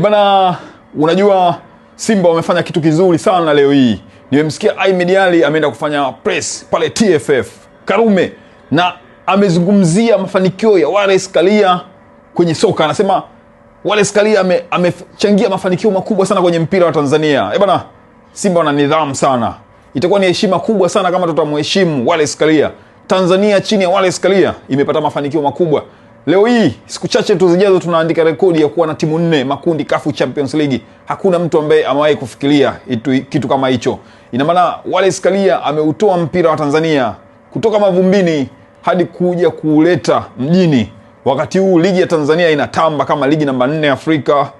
Bana, unajua Simba wamefanya kitu kizuri sana leo hii. Nimemsikia Ahmed Ally ameenda kufanya press pale TFF Karume na amezungumzia mafanikio ya Wallace Karia kwenye soka. Anasema Wallace Karia ame, amechangia mafanikio makubwa sana kwenye mpira wa Tanzania. Eh bana, Simba wana nidhamu sana. Itakuwa ni heshima kubwa sana kama tutamheshimu Wallace Karia. Tanzania chini ya Wallace Karia imepata mafanikio makubwa. Leo hii siku chache tu zijazo tunaandika rekodi ya kuwa na timu nne makundi Kafu Champions League. Hakuna mtu ambaye amewahi kufikiria itu, kitu kama hicho. Ina maana ameutoa mpira wa Tanzania kutoka mavumbini hadi kuja kuuleta mjini. Wakati huu ligi ya Tanzania inatamba kama ligi namba nne Afrika.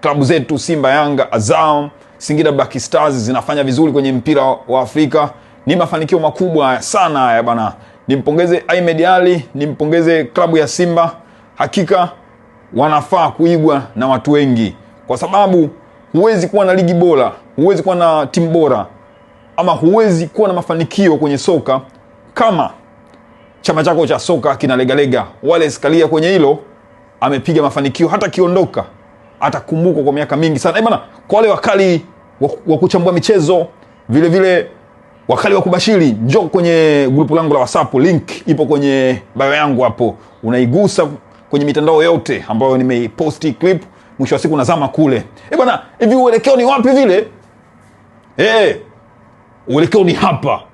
Klabu zetu Simba, Yanga, Azam, Singida Black Stars zinafanya vizuri kwenye mpira wa Afrika. Ni mafanikio makubwa sana haya bana nimpongeze Ahmed Ali, nimpongeze klabu ya Simba. Hakika wanafaa kuigwa na watu wengi, kwa sababu huwezi kuwa na ligi bora, huwezi kuwa na timu bora, ama huwezi kuwa na mafanikio kwenye soka kama chama chako cha soka kinalegalega. Wallace Karia kwenye hilo amepiga mafanikio, hata kiondoka atakumbukwa kwa miaka mingi sana. Eh bana, kwa wale wakali wa kuchambua michezo vilevile wakali wa kubashiri, njo kwenye grupu langu la WhatsApp, link ipo kwenye bio yangu hapo, unaigusa kwenye mitandao yote ambayo nimeiposti clip, mwisho wa siku nazama kule. e bwana, hivi uelekeo ni wapi vile? Eh, uelekeo ni hapa.